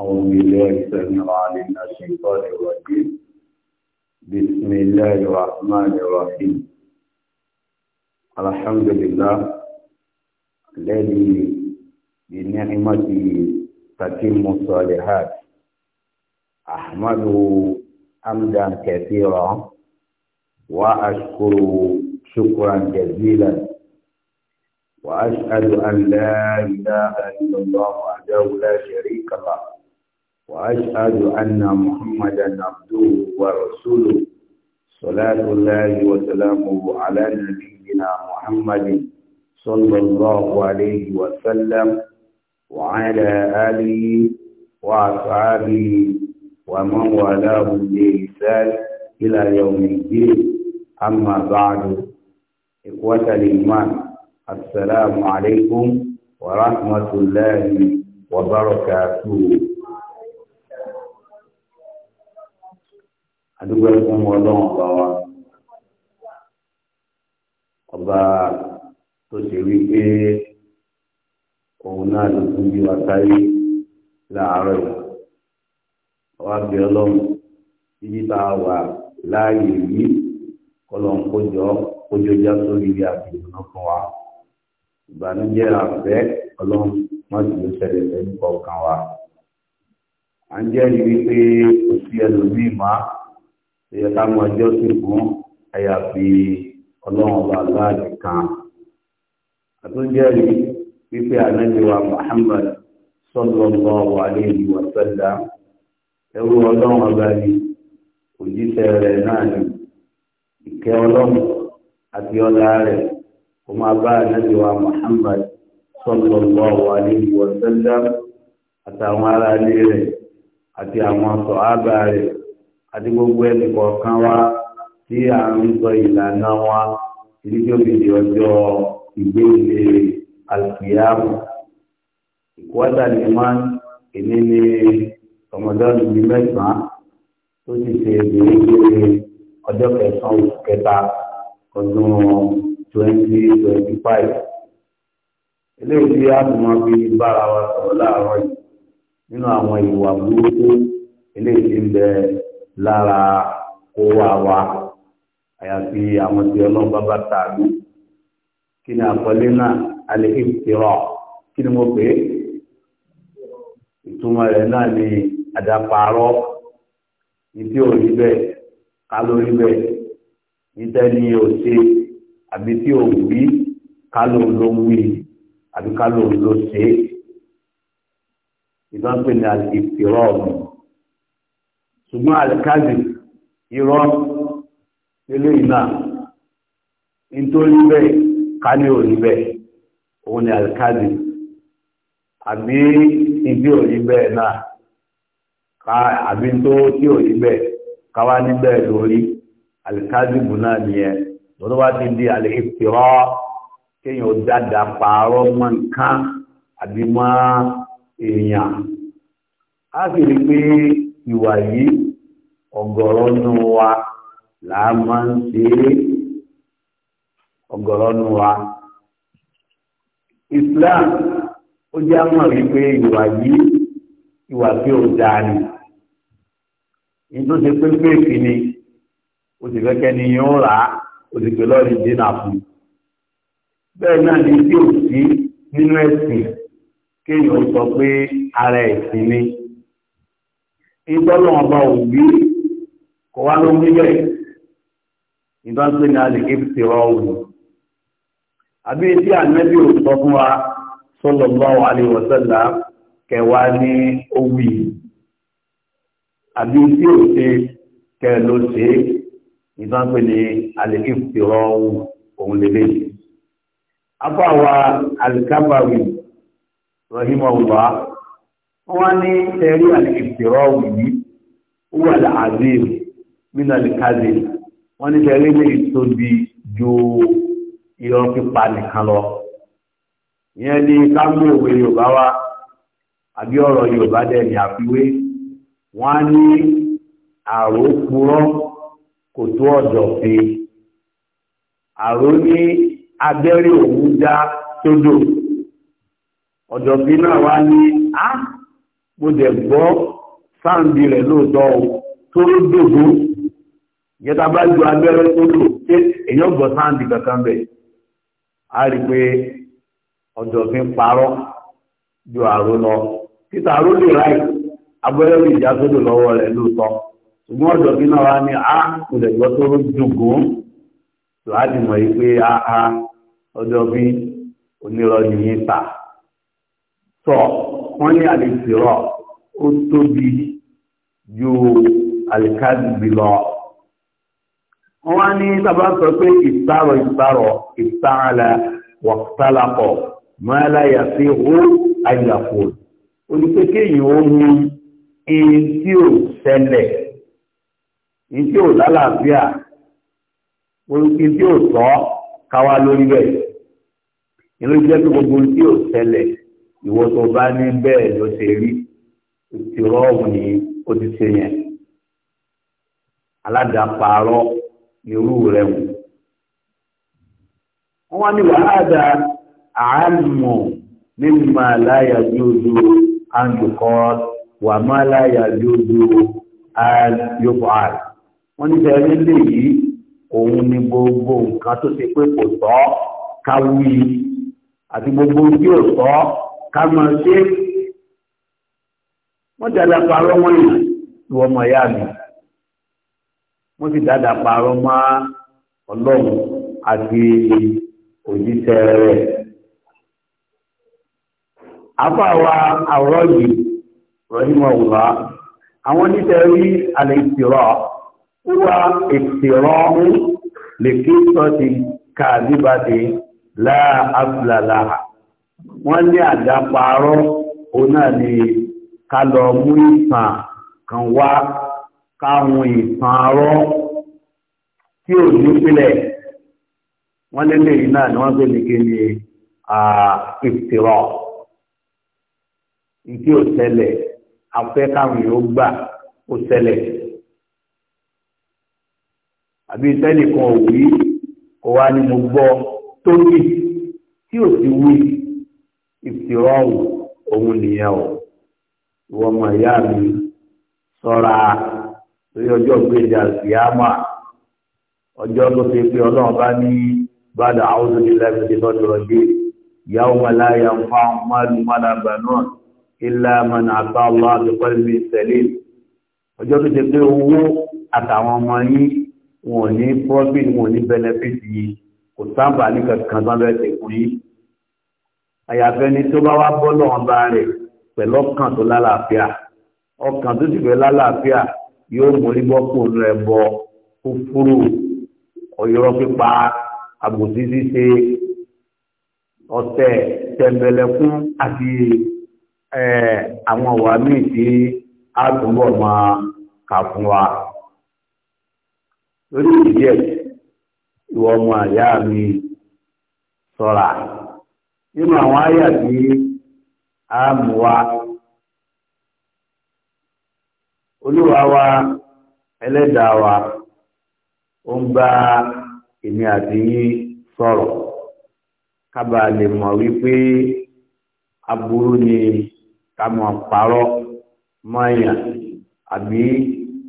أعوذ بالله السميع العليم من الشيطان الرجيم بسم الله الرحمن الرحيم الحمد لله الذي بنعمته تتم الصالحات أحمده حمدا كثيرا وأشكره شكرا جزيلا وأشهد أن لا إله إلا الله وحده لا شريك له وأشهد أن محمدا عبده ورسوله صلاة الله وسلامه على نبينا محمد صلى الله عليه وسلم وعلى آله وأصحابه ومن والاه بإحسان إلى يوم الدين أما بعد إخوة الإيمان السلام عليكم ورحمة الله وبركاته adúgbò ẹkún wọn lọ́wọ́n bá wa ọba tó ṣe wí pé òun náà ló tún bí wa sáyé láàárọ̀ yìí ọba bí ọlọ́run títí tá a wà láàyè yìí kọlọ́n kójọ kójọ já sórí ilé àbẹ̀yẹ̀mọ́ fún wa ìbànújẹ́ àfẹ́ ọlọ́run má sì ló ṣẹlẹ̀ lẹ́nu kọ̀ọ̀kan wa à ń jẹ́rìí wípé kò sí ẹlòmíì máa. ìyẹn ká mọ ẹjọ́ sì fún àyàfi ọlọ́run ọba aláàdì kan àtúnjẹ́rìí wípé ànájẹwà Muhammad sallallahu alayhi wa sallam ẹrú ọlọ́run ọba ni òjíṣẹ́ rẹ̀ náà ni ìkẹ́ ọlọ́run àti ọlá rẹ̀ kò máa bá ànájẹwà Muhammad sallallahu alayhi wa sallam àtàwọn ará rẹ̀ àti àwọn sọ̀hábà rẹ̀. àti gbogbo ẹnì kọ̀ọ̀kan wa tí à ń sọ ìlànà wa ìdí tí ó fi di ọjọ́ ìgbéǹde àlùkìyàmù ìkọ́tà ní máa ń èmi ní ọmọdọ́nù bíi mẹ́sàn-án tó sì ṣe gbèrègbèrè ọjọ́ kẹsàn-án oṣù kẹta ọdún twenty twenty five eléyìí tí a tún máa fi bára wa sọ̀rọ̀ láàárọ̀ yìí nínú àwọn ìwà burúkú eléyìí tí ń bẹ lára owó àwa àyàfi àwọn tí ọlọ́run bá bá tààlú kí ni àkọlé náà alẹ́ ìfìrọ̀ kí ni mo pè é ìtumọ̀ rẹ̀ náà ni àdàpàrọ̀ ìdí òrí bẹ́ẹ̀ kálórí bẹ́ẹ̀ ìtẹ́ni òṣè àbí tí ò wí kálò ló wí àbí kálò ló ṣe ìbá pè ní àdìpìrọ̀ ọ̀gbìn ṣùgbọ́n alikazi irọ́ nílé ìlà nítorí bẹ́ẹ̀ ká ní òní bẹ́ẹ̀ òun ni alikazi àbí ibi òní bẹ́ẹ̀ náà ká àbí tó tí òní bẹ́ẹ̀ ká wá ní bẹ́ẹ̀ lórí alikazi bù náà nìyẹn lọ́dọ́ wá ti di alìkìtìrọ́ kéèyàn dáadáa pààrọ̀ mọ́ nǹkan àbí mọ́ èèyàn á sì rí pé ìwà yìí ọ̀gọ̀rọ̀ nù wa là á máa ń ṣe é ọ̀gọ̀rọ̀ nù wa. Islam ó jẹ́ àmọ̀ wípé ìwà yìí ìwà tí ò dáa ni yìí tó ṣe pé fèèfì ni o sì fẹ́kẹ́ ni yóò rà á o sì pé lọ́ọ̀rì dínà fún un bẹ́ẹ̀ náà ni tí ò sí nínú ẹ̀sìn kéèyàn sọ pé ara ẹ̀sìn ni ìtọ́lọ́wọ́n bá òbí kò wá ló ń gbé bẹ́ẹ̀ nígbà tó ní alẹ́ kéfì ti rọ òun àbí etí ànábì ò sọ fún wa sallallahu alaihi wasallam kẹwàá ní owí àbí etí ò ṣe kẹ ló ṣe nígbà tó ní alẹ́ kéfì ti rọ òun lélẹ̀ afáwa alikabawi rahimahullah wọn ní tẹrí alẹ́ kéfì ti rọ òun yìí wọ́n àlẹ́ àdéhùn mínàlì káàdì wọ́n ní tẹ̀lé lè tóbi ju irọ́ pípa nìkan lọ ìyẹn ni ká mú òwe yorùbá wá àbí ọ̀rọ̀ yorùbá dẹ̀ ní àfiwé wọ́n á ní àròpurọ́ kò tó ọ̀dọ̀ pé àrò ní abẹ́rẹ́ òun dá sódò ọ̀dọ̀ pé náà wá ní á mo dẹ̀ gbọ́ sáǹdì rẹ̀ lóòótọ́ o tó dògbò ìyẹn tá a bá ju abẹ́rẹ́ tó lò ṣé èèyàn gbọ́ sáǹdì kankan bẹ̀ á rí i pé ọjọ́ fi ń parọ́ ju àrò lọ títà àrò lè ráì abẹ́rẹ́ lè já sódò lọ́wọ́ rẹ̀ lóòótọ́ ṣùgbọ́n ọjọ́ fi náà wá ní a kò lè gbọ́ tó dùgún tó mọ̀ yìí pé a ọjọ́ fi onírọ̀ nìyí ta sọ wọ́n ní àlè sírọ̀ ó tóbi ju àlìkáàdì bí lọ wọ́n ní sábà sọ pé ìtàrọ̀ ìtàrọ̀ ìtàràlà wọ̀tálàpọ̀ mọ́láyà sí ó àyàfò olùpẹ́kẹ́yìn ó ní in tí ò ṣẹlẹ̀ in tí ò lálàáfíà in tí ò tọ́ káwá lórí bẹ̀ inú jẹ́ pé gbogbo in tí ò ṣẹlẹ̀ ìwọ bá ní bẹ́ẹ̀ ló ṣe rí ìtìrọ̀ ọ̀hún ni ó ti ṣe yẹn aládàá pààrọ̀ irú rẹ̀ wò wọ́n wá ní wàhádà àálùmọ̀ nínú máa láyà bí ojú àǹdùkọ́ wà máa láyà bí ojú àyọ̀bọ̀àl wọ́n ní sẹ́rí lè yìí òun ni gbogbo nǹkan tó ṣe pé kò tọ́ káwí àti gbogbo tí ò tọ́ ká máa ṣe wọ́n ti àdàpọ̀ àwọn ìwọ̀n mọ̀ yá mi wọ́n sì dáadáa parọ́ mọ́ ọlọ́run àti òjíṣẹ́ rẹ̀. afáwa àwòrán yìí rọ̀hìmọ̀ wùlá àwọn onítẹ̀rí àlẹ́ ìtìrọ̀ wúwa ìtìrọ̀ ń lè kí sọ́ọ̀tì kàdíbàdì láàbùlàlà wọ́n ní àdáparọ́ òun náà ni ká lọ mú ìtàn kan wá káwọn ìtàn arọ́ tí ò ní pílẹ̀ wọ́n lélẹ̀ yìí náà ni wọ́n pè ní kí ni ìfìrọ̀ ìdí ò ṣẹlẹ̀ afẹ́ káwọn yóò gbà ó ṣẹlẹ̀ àbí sẹ́nìkan ò wí kò wá ní mo gbọ́ tó wí tí ò ti wí ìfìrọ̀ òun nìyẹn o ìwọ ọmọ ìyá mi ṣọ́ra torí ọjọ́ gbèdé àlùfíàmà ọjọ́ tó ṣe pé ọlọ́run bá ní bàdà àwùjọ nílẹ̀ ìdíje lọ́dọ̀ ọdẹ ìyàwó maláyà ń fa máàlú mọ́lá bànúà ilá mọ́nà àbá ọlọ́ àbíkọ́ mi tẹ̀lé ọjọ́ tó ṣe pé owó àtàwọn ọmọ yín wọn ò ní profit wọn ò ní benefit yìí kò sábà ní kankan tó ń bẹ́ẹ̀ ṣe fún yín àyàfẹ́ ni tó bá wá bọ́ lọ́wọ́n bá rẹ̀ pẹ̀lú ọkàn tó lálàáfíà ọkàn tó sì fẹ́ lálàáfíà yóò mórí bọ́ kó nu ẹbọ kúfúrú ọ̀yọ́rọ́ pípa àbòsí ṣe ọ̀tẹ̀ tẹ̀m̀bẹ̀lẹ̀kún àti àwọn ọ̀wà míì tí a túbọ̀ máa kà fún wa. lórí ìdíyẹ mi nínú àwọn àyà tí wa. olúwa wa ẹlẹ́dàá wa ó ń bá èmi àti yín sọ̀rọ̀ kábà lè mọ̀ wípé aburú ni ká mọ̀ parọ́ mọ́yàn àbí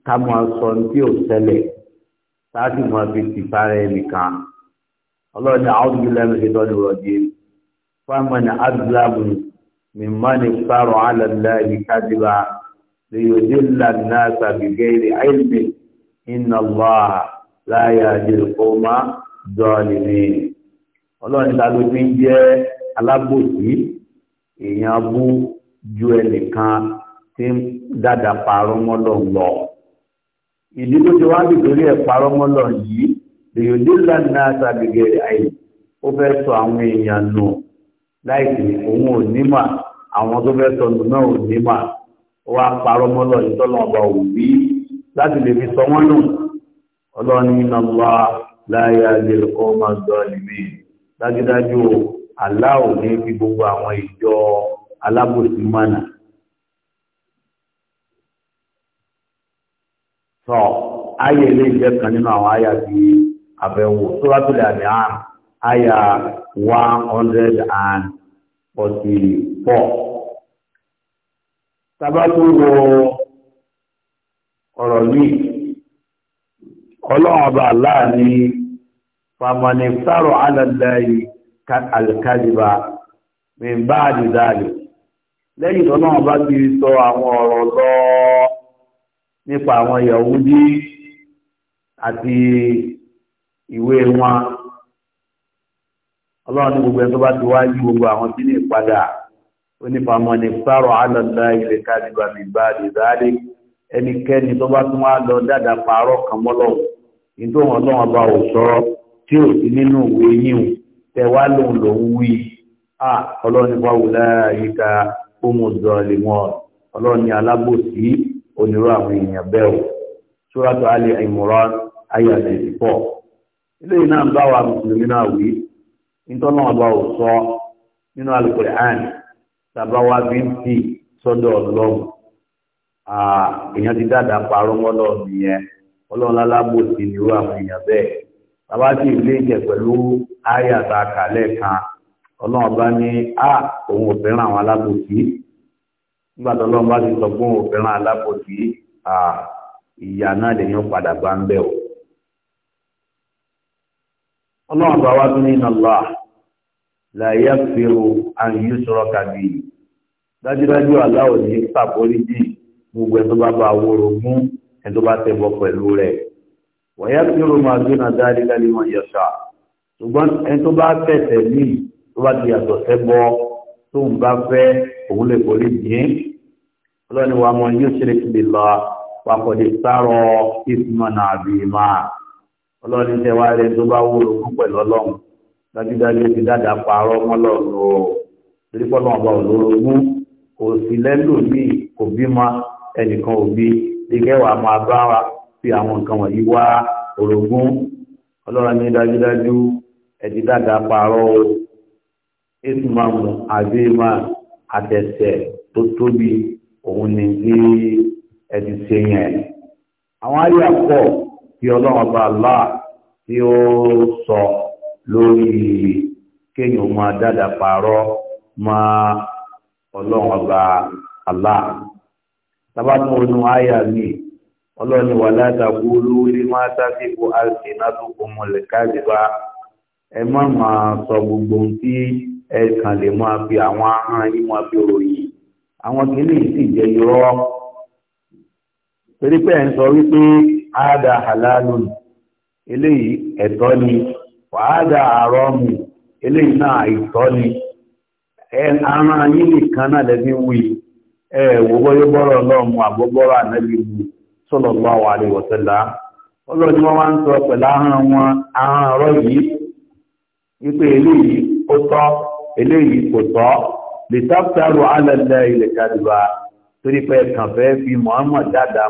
ká mọ̀ sọ tí ò ṣẹlẹ̀ láti mọ̀ fi tìfara ẹnìkan ọlọ́run ni àwọn òbí lẹ́nu ṣe tọ́jú rọ̀jì fáwọn ẹni adúláàbù mímọ́ ni sáró alẹ́ lẹ́yìn kájíba. ليذل الناس بغير علم إن الله لا يهدي القوم الظالمين ọlọ́run ta ló fi ń jẹ́ alábòsí èèyàn bú ju ẹnìkan tí ń dàdà parọ́ mọ́lọ̀ lọ ìdí tó ti wá nítorí ẹ̀ parọ́ mọ́lọ̀ yìí lèyòdì lánà sàgbègbè àyè ó fẹ́ sọ àwọn èèyàn nù láìsí òun ò ní mà àwọn tó fẹ́ sọ nù náà ò ní mà ó wá parọ́ mọ́lọ̀ yìí tọ́lọ́ ọba òbí láti lè fi sọ wọ́n nù ọlọ́ni iná lọ láyé àgbẹ̀lẹ̀ kọ́ máa ń dọ́ níbí dájúdájú àlá ò ní fi gbogbo àwọn ìjọ alábòsí mánà. sọ ayé ilé ìjẹ kan nínú àwọn àyà tí àbẹ̀wò sóràtúlẹ̀ àmì àyà one hundred and forty four tàbá tó wọ ọ̀rọ̀ yìí ọlọ́run ọba láàrin famanifsaro alàdáyì alkaliba min bá àdìdáyì lẹ́yìn tọ́lọ́run bá ti sọ àwọn ọ̀rọ̀ lọ nípa àwọn Yahudi àti ìwé wọn ọlọ́run gbogbo ẹni tó bá ti wá yí gbogbo àwọn tí ní ìpadà onífàmọ́ni sáró alọ́dá ilẹ̀ káàdìgbà mi bá dìdáàdì ẹnikẹ́ni tó bá tún wá lọ dáadáa pààrọ̀ kan mọ́lọ́wọ́ nítorí wọn lọ́wọ́ bá ò sọ̀rọ̀ tí ò sí nínú ìwé yín tẹ wá lòun lòun wí à ọlọ́ni wò láyìíká ọmọdé ọ̀lẹ́wọ̀n ọlọ́ni alábòsí onírú àwọn èèyàn bẹ́ẹ̀ o Suratu Ali ayé àtẹ̀sí pọ̀ ilé iná ń bá wa mùsùlùmí náà wí nítorí wọn bá ò sọ nínú al tàbá bí ń tì sọ́dọ̀ ọlọ́run èèyàn ti dáadáa parọ́ mọ́lọ́ nìyẹn ọlọ́run lálábò sí nírú àwọn èèyàn bẹ́ẹ̀ tàbá sì ilé ìjẹ pẹ̀lú àyà tá a kà lẹ́ẹ̀kan ọlọ́run bá ní a òun ò fẹ́ràn àwọn alábòsí nígbà tó ọlọ́run bá ti sọ pé òun ò fẹ́ràn ìyá náà padà bá la yaghfiru an yushraka bihi dájúdájú aláwọ ní pàpọríjì gbogbo ẹ tó bá bá wórogún ẹ tó bá tẹbọ pẹ̀lú rẹ̀ wa yaghfiru ma duna dhalika liman yasha ṣùgbọ́n ẹ tó bá tẹsẹ ní tó bá ti yàtọ̀ sẹbọ tó ń bá fẹ́ òun lè forí jìn ọlọ́ni wa man yushrik billah pàkọ̀dé sárọ̀ ìfúnmọ̀nà àbí máa ọlọ́ni tẹwàá rẹ̀ tó bá wórogún pẹ̀lú ọlọ́run dájúdájú ti dáadáa pààrọ̀ mọ́lọ́run o torí pọ́nà ọba òlórogún kò sí lẹ́lòmíì kò bímọ ẹnìkan òbí ìkẹwàá máa bá wa fi àwọn nǹkan wọ̀nyí wá orogún ọlọ́run ní dájúdájú ẹ̀dí dáadáa pààrọ̀ o ìsìmọ̀mù àdéhùmá àtẹ̀sẹ̀ tó tóbi òun ni ní ẹ̀dí ṣe yẹn àwọn ayé àpọ̀ tí ọlọ́run ọba Allah tí ó sọ lórí kéèyàn máa dáadáa pààrọ̀ máa ọlọ́run ọba Allah tabatun onu aya mi ọlọ́ni wà látàkú lórí máa tásìkò àti ìnátòkòmọ̀ lẹ́kàdìbá ẹ má máa sọ gbogbo tí ẹ kàn lè máa fi àwọn ahọ́n yín máa fi ròyìn àwọn kìíní sì jẹ irọ́ torí pé ẹ̀ ń sọ wípé áádà hàlálù eléyìí ẹ̀tọ́ ni wàádà àrọ́mù ilé iná àìtọ́ ni ara yí nìkan náà lẹ́bí wí ẹ̀wò bọ́yọ́ lọ́mù àgbọ́gbọ́rọ̀ ànẹ́bí wù sallallahu alaihi wasallam ọlọ́ni wọ́n wá ń sọ pẹ̀lú ahọ́n wọn ahọ́n ọ̀rọ̀ yìí wípé eléyìí ó tọ́ kò tọ́ lè alẹ́lẹ́ ilẹ̀ kàdùbà kàn fẹ́ fi dáadáa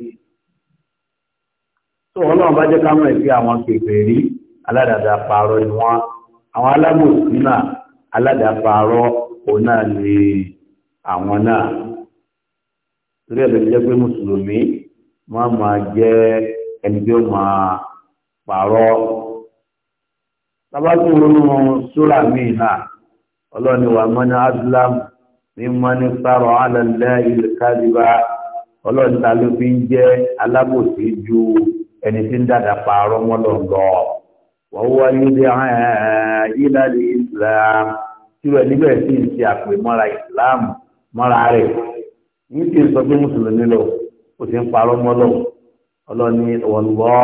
tó ọlọ́run bá jẹ́ káwọn ẹ̀fí àwọn kèfèrí aládàdà pààrọ̀ ni wọ́n àwọn alábòsí náà aládàá pààrọ̀ òun náà ni àwọn náà torí ẹ̀bẹ̀ jẹ́ pé mùsùlùmí máa máa jẹ́ ẹni tí ó máa pààrọ̀ tábàtún ronú náà ọlọ́ni wà mọ́ni adúlámù ní mọ́ni sárọ̀ alẹ́ ilẹ̀ káàdìbá ọlọ́ni ta ló fi ń jẹ́ alábòsí ju ẹni tí ń dàdà pààrọ̀ wọn lọ lọ wọ́n wá níbi ìlàlẹ̀ islam tí wọ́n níbẹ̀ sì ń ṣe àpè mọ́ra islam mọ́ra rẹ̀ ní kí n sọ pé mùsùlùmí lọ ó ti ń parọ́ mọ́ lọ ọlọ́ni ọ̀lọ́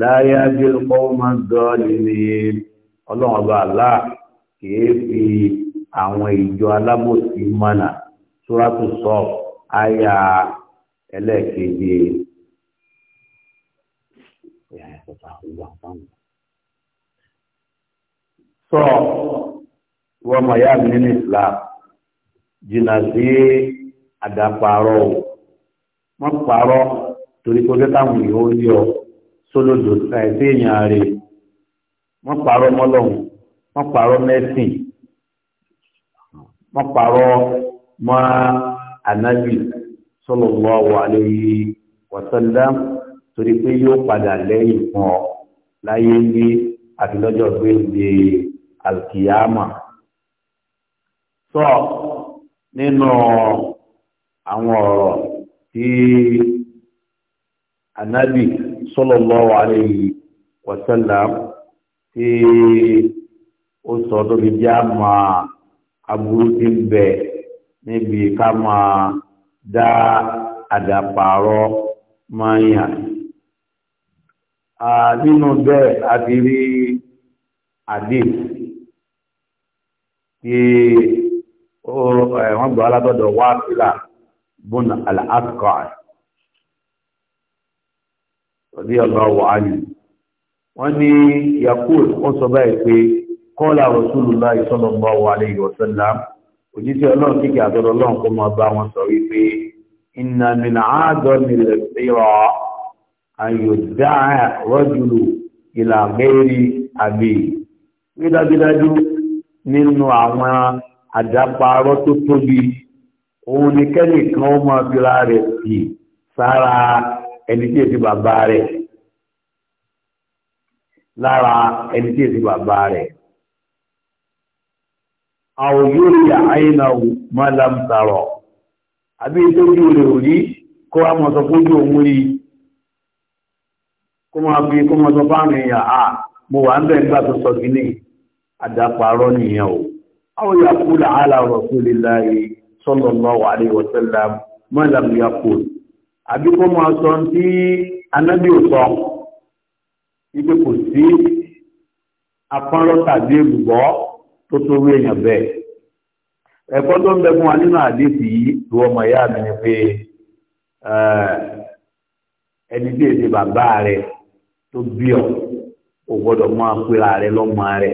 láyé abẹ́lẹ́kọ́ máa ń dọ́ nílé ọlọ́run ọba àlá kìí fi àwọn ìjọ alábòsí mọ́nà sóràtúnṣọ́ àyà ẹlẹ́ẹ̀kejì ìwà fáwọn. sọ wọ́n mọ̀ yá mi nínú Islam jìnnà sí àdàpàrọ̀ o wọ́n pàrọ̀ torí kó dẹ́ta àwọn èèyàn ó lé ọ sólódò àìsí èèyàn rè wọ́n pàrọ̀ mọ́lọ́hùn wọ́n pàrọ̀ mẹ́sìn wọ́n pàrọ̀ mọ́ ànábì sallallahu alayhi wa sallam torí pé yóò padà lẹ́yìn fún ọ láyé ń bí àti lọ́jọ́ gbéǹde alkiyama sọ nínú àwọn ọ̀rọ̀ tí anabi sallallahu alayhi wa sallam tí ó sọ tó fi jẹ́ àmà aburú tí ń bẹ níbi ká máa dá àdàpàrọ̀ máa yàn nínú bẹ́ẹ̀ a ti rí àdé tí wọ́n gbọ́ alátọ́dọ̀ wá sílà bún al-Asqa rọ̀dí ọlọ́wọ̀ ayù wọ́n ní yakul ó sọ báyìí pé kọ́lá Rasulullah sallallahu alayhi wa sallam òjíṣẹ́ ọlọ́run kíkẹ́ àtọ́dọ̀ àyòdá rọ́jùlù ìlà mẹ́rin àbí rí dájúdájú nínú àwọn àdáparọ́ tó tóbi òun ni kẹ́nìkan ó máa fira rẹ̀ sí sára ẹni tí èsì bàbá rẹ̀ lára ẹni tí èsì bàbá rẹ̀ àwọn yóò rí àyínà mọ́lámsàrọ̀ àbí ìtọ́jú rẹ̀ ò rí kó wá mọ̀ sọ fún ojú òun rí i kó máa fi kó máa sọ fáwọn èèyàn à ah, mo wà ń bẹ̀ nígbà tó sọ gíní àdàpàrọ̀ nìyẹn o àwọn yàkú làálà rasulillahi sallallahu alaihi wasallam mọ́lá mi yàkú àbí kó máa sọ tí anábì ò sọ ibi kò sí afọ́nrọ́ tàbí èlùbọ́ tó tó rí èèyàn bẹ́ẹ̀ ẹ̀kọ́ tó ń bẹ fún wa nínú àdéhùn yìí lu ọmọ ìyá mi ni pé eh, ẹni tí èdè bàbá rẹ̀ tó bí ọ ò gbọ́dọ̀ máa pera rẹ lọ́mọ rẹ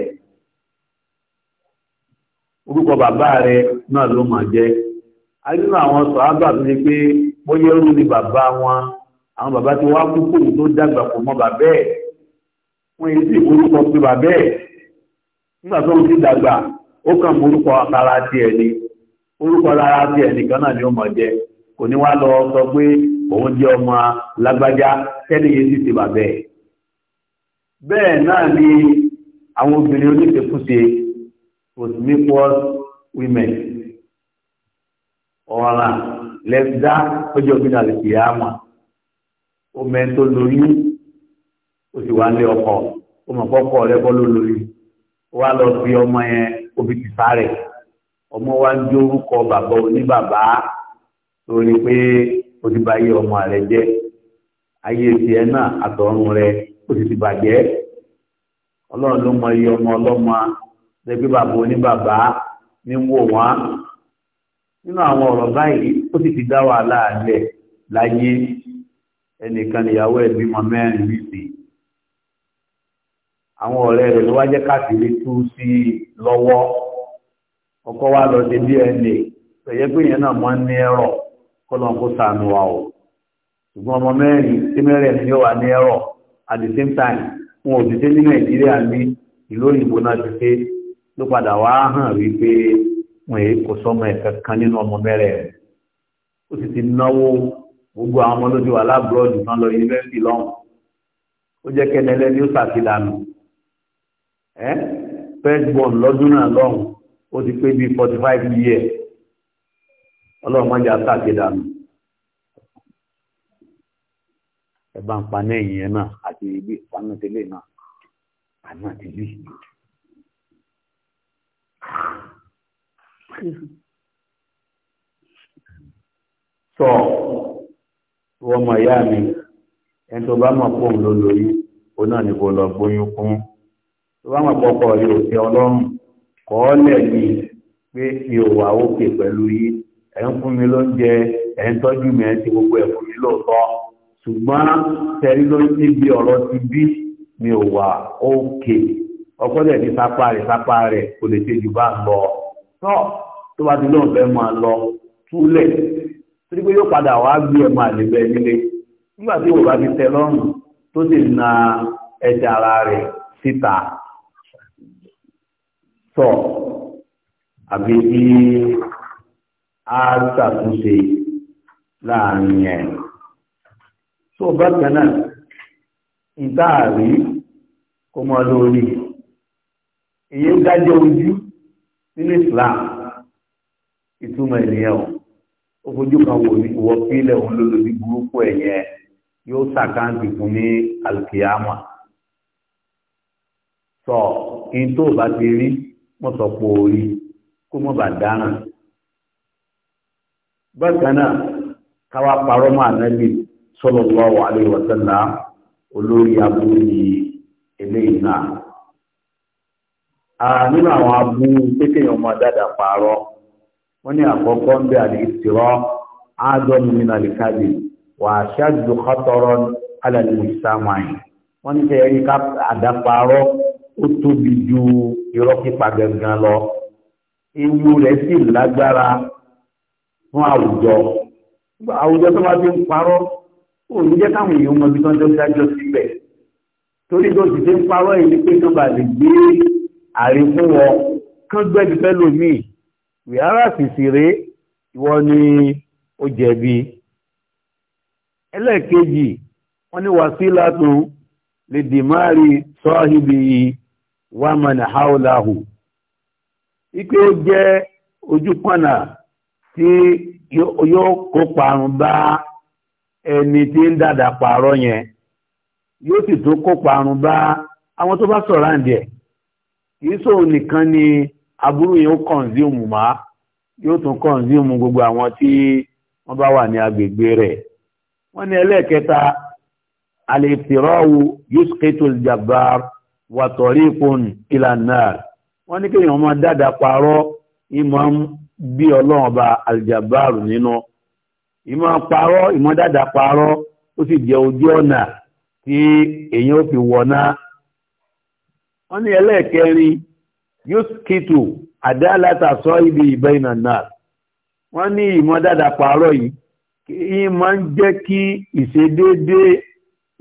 orúkọ bàbá rẹ náà ló máa jẹ́ nínú àwọn sọ̀rọ̀ tó ní pé bóyá ẹrú ni bàbá wọn àwọn bàbá tí wọ́n á kú kóòwò tó dàgbà pọ̀ mọ́ bàbá ẹ̀ wọ́n yìí sì orúkọ pé bàbá ẹ̀ nígbà tó ń ti dàgbà ó kàn mú orúkọ ara tiẹ̀ ni orúkọ ara tiẹ̀ nìkan náà ni ó máa jẹ́ kò ní wá lọ sọ pé òun jẹ́ ọmọ lágbájá tẹ́lẹ̀ yìí sì ti bàbá ẹ̀. bẹ́ẹ̀ náà ni àwọn obìnrin oníṣekúṣe promiscuous women ọ̀ràn lẹ́dá péjọ gbígbà lè fi àmà ọmọ tó lóyún ó sì wá lé ọkọ ọmọ kọkọ rẹ kọ ló lóyún ó wá lọ fi ọmọ yẹn obì ti sáré ọmọ wa ń jó orúkọ bàbá oníbàbá lórí pé ọmọ rẹ jẹ ayé tiẹ̀ náà àtọ̀run kò sì ti bàjẹ́ ọlọ́run ló mọ iye ọmọ ọlọ́mọ lẹ́gbẹ́ bàbá oníbàbá ní wò wọ́n nínú àwọn ọ̀rọ̀ báyìí ó sì ti dá wàhálà láyé ẹnìkan ẹ̀ bímọ mẹ́rin àwọn ọ̀rẹ́ rẹ̀ ló wá jẹ́ káàkiri tú sí lọ́wọ́ wa lọ DNA pé yẹn náà mọ́ ní ẹ̀rọ kó sànù at the same time wọn ò ti ṣe ní nàìjíríà ní ìlú òyìnbó náà ti ṣe ló padà wá hàn wípé wọn èyí kò sọmọ ẹ̀kẹ́ kan nínú ọmọ mẹ́rẹ̀ rẹ̀ ó sì ti náwó gbogbo àwọn ọmọ lójú alábúrọ́dù kan lọ yunifásitì lọ́hùn ó jẹ́ kẹ́ni ẹlẹ́ni ó ṣàfihàn ẹ́ firstborn lọ́dún náà lọ́hùn ó ti pé bíi forty five years ọlọ́run mọ́jà ṣàfihàn ẹ bá ń pa náà ẹ̀yìn ẹ̀ náà àti ibi ìpanu tẹ́lẹ̀ náà àná àti ibi. sọ wọ́n mọ̀ ìyá mi ẹni tó bá mọ̀ fóun ló lóyún òun náà ni kò lọ gbóyún kún tó bá mọ̀ pọ̀pọ̀ rí òfin ọlọ́run kọ́ ọ́ lẹ̀ pé mi òkè pẹ̀lú yìí ẹ̀ ń fún mi lóúnjẹ ẹ̀ ń tọ́jú mi ẹ̀ ń ti gbogbo ẹ̀ fún mi lóòótọ́ ṣùgbọ́n tẹ̀rí ló níbi ọ̀rọ̀ ti bí mi ò wà ókè ọkọ dẹ̀ ní sápá rẹ̀ sápá rẹ̀ kò lè ṣe jù bá lọ tọ́ tó bá ti lóun fẹ́ máa lọ túlẹ̀ torí pé yóò padà wá gbé ẹ̀ máa lè bẹ nílé nígbà tí ìwòrán ti tẹ lọ́rùn tó sì na ẹja ara rẹ̀ síta tọ́ àbí kí a ṣàtúnṣe láàrin ẹ̀ so bákan náà ìtaàrí kò mọ lórí èyí ń dájọ́ ojú nínú Islam ìtumọ̀ ènìyàn o ó fojú kan wò ní ìwọ fílẹ̀ òun ló lórí burúkú ẹ̀yẹ yóò ṣàkáǹtì fún ní alkiyama sọ kí n tó bá ti rí mọ́sọ̀pọ̀ orí kó mọ́ bá dáràn bákan náà káwá parọ́ mọ́ ànábì صلى الله عليه وسلم olórí abúlé eléyìí náà. nínú àwọn abú kékeré ọmọ dáadáa pààrọ̀ wọ́n ní àkọ́kọ́ ń bẹ àlè ìṣirọ́ áádọ́nù nínú àlìkájì wà á ṣáájú kọ́tọ́rọ́ alẹ́ ìṣàmáyì wọ́n ní sẹ́yìn ẹ̀rí ká àdáparọ́ ó tóbi ju irọ́ pípa gangan lọ ewu rẹ̀ sì lágbára fún àwùjọ àwùjọ tó bá ti ń parọ́ ò ní jẹ́ káwọn èèyàn mọ ibi tó ń jọ dájọ́ síbẹ̀ torí tó ti ṣe ń parọ́ ẹni pé tó bá lè gbé àrí fún wọn kán gbẹ́bi fẹ́lòmíì rìhárà sì sì rèé ìwọ ni ó jẹ̀bi ẹlẹ́ẹ̀kejì wọ́n ní wàsílà tó lè dìmáàrí sọ́ọ́hìbì wàmàna haúláhù ike ó jẹ́ ojúpọ̀nà tí yóò kópa àrùn bá ẹni tí ń dàdà pààrọ̀ yẹn yóò sì tó kó parun bá àwọn tó bá sọ̀rọ̀ àǹdí ẹ̀ kì í sóun nìkan ni aburú yẹn ó kọ̀ǹzíùmù má yóò tún kọ̀ǹzíùmù gbogbo àwọn tí wọ́n bá wà ní agbègbè rẹ̀ wọ́n ní ẹlẹ́ẹ̀kẹta alẹ́fìrọ́wù yusketul jabbar wàtọ̀ríkun ìlànà wọ́n ní kéèyàn máa dàdà pààrọ̀ ìmọ̀ bí ọlọ́run ọba aljabbar nínú. No ìmọ̀ parọ́ ìmọ̀ dàdà parọ́ ó sì jẹ́ ojú ọ̀nà tí èèyàn ó fi wọ̀ná. wọ́n ní ẹlẹ́ẹ̀kẹrin yuskitu adalata sọ ibi ìbẹ́ ìnà náà wọ́n ní ìmọ̀ dàdà parọ́ yìí yìí máa ń jẹ́ kí ìṣedéédé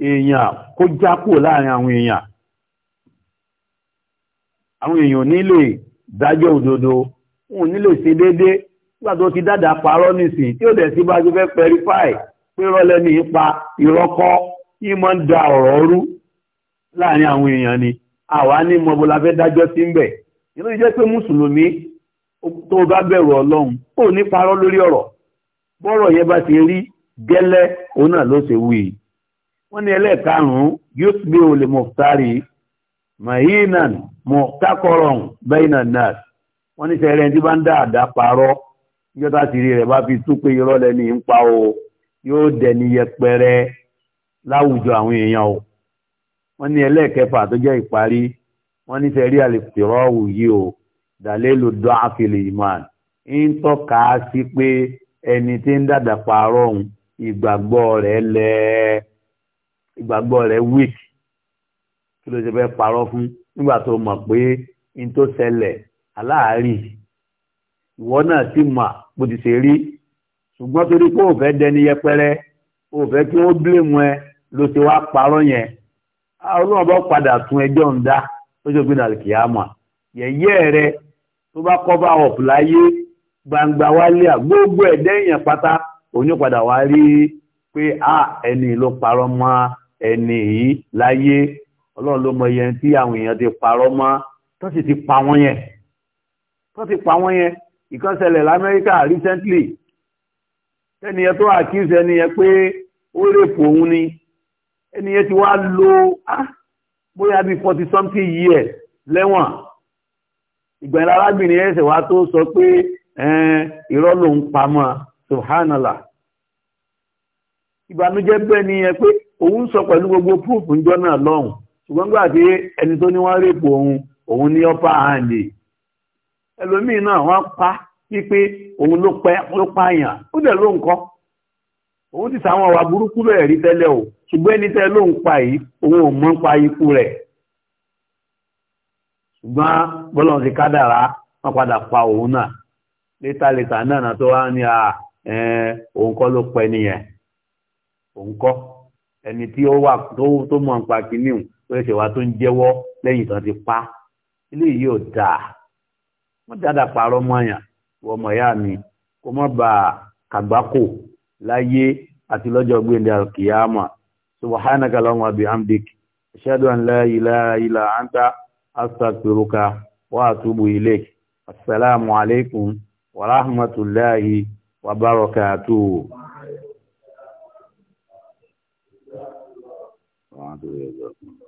èèyàn kó jákò láàrin àwọn èèyàn àwọn èèyàn ò dájọ́ òdodo wọn ò ní gbàtọ́ ti dáadáa parọ́ nìsín tí ó dẹ̀ sí bá ti fẹ́ pẹrifáì pé rọ́lẹ́ ní ipa ìrọ́kọ́ yìí máa ń da ọ̀rọ̀ rú láàrin àwọn èèyàn ni àwa ní mọ́bó la fẹ́ dájọ́ sí ń bẹ̀ inú jẹ́ pé mùsùlùmí tó bá bẹ̀rù ọlọ́run ó ní parọ́ lórí ọ̀rọ̀ bọ́rọ̀ yẹn bá ti rí gẹ́lẹ́ òun náà ló ṣe wí wọ́n ní ẹlẹ́ẹ̀karùn-ún yóò gbé olè mọ̀tárì mahinan mọ̀tákọ̀rọ̀ bẹ́ẹ̀nà náà wọ́n ní sẹ́rẹ̀ bá ń dáadáa parọ́ ìjọ tá a ti rí rẹ̀ bá fi tú pé irọ́ lẹ́ni ń pa o yóò dẹni yẹpẹrẹ láwùjọ àwọn èèyàn o wọ́n ní ẹlẹ́ẹ̀kẹfà tó jẹ́ ìparí wọ́n ní sẹ́rí àlèpìrọ́wù yìí o dàlélu dọ́àfìlì imán ń tọ́ka sí pé ẹni tí ń dàdà parọ́ òun ìgbàgbọ́ rẹ̀ lẹ́ ìgbàgbọ́ rẹ̀ weak kí ló ṣe fẹ́ parọ́ fún nígbà tó mọ̀ pé n tó ṣẹlẹ̀ aláàárín ìwọ náà sì mà bó ti ṣe rí ṣùgbọ́n torí pé òfẹ́ dẹni yẹpẹrẹ òfẹ́ kí wọ́n bílẹ̀mù ẹ ló ti wá parọ́ yẹn ọlọ́run bá padà tún ẹjọ́ ń dá lójú ògbìn àlùkìyàmà yẹ̀yẹ́ rẹ tó bá kọ́fà ọ̀pù láyé gbangba wálé àgbógbó ẹ̀dẹ́ èèyàn pátá òun padà wá rí pé a ẹni ló parọ́ mọ́ ẹni yìí láyé ọlọ́run ló mọ iye tí àwọn èèyàn ti parọ́ mọ́ tó sì ti pa wọ́n yẹn tó ti pa wọ́n yẹn ìkọ́sẹ̀lẹ̀ lamẹ́ríkà recently ẹniyẹ tó accuse ẹniyẹ pé ó rèpò òun ni ẹniyẹ ti wá lo ah, bóyá bí forty something years lẹ́wọ̀n ìgbà yẹn arábìnrin ẹ̀sẹ̀ wa tó sọ pé irọ́ ló ń pamọ́ subhanallah ìbànújẹ́ bẹ́ẹ̀ niyẹ pé òun sọ pẹ̀lú gbogbo proof ńjọ́ náà lọ́hùn ṣùgbọ́n gbà tí ẹni tó ní wọ́n rèpò òun òun ní upper hand ẹlòmíì náà wọ́n pa wípé òun ló pẹ́ ló pààyàn ó dẹ̀ ló ń kọ́ ti sàwọn ọ̀wà burúkú lọ rí tẹ́lẹ̀ o ṣùgbọ́n ẹni tẹ́ ló ń pa yìí òun ò pa ikú rẹ̀ ṣùgbọ́n bọ́lọ̀ ti wọ́n padà pa òun náà létà létà náà tó wá ní ẹni tí ó wà tó mọ̀ pa ó pa dáa wọ́n dáadà pààrọ̀ mọ́ àyàn wọ́n mọ̀ yá mi kó mọ́ bá kàgbákò láyé àti lọ́jọ́ gbẹ̀ndẹ̀ alkiyama subhanaka allahumma bihamdik ashhadu an la ilaha illa anta astaghfiruka wa atubu ilayk assalamu alaikum wa rahmatullahi wa barakatuh Thank you.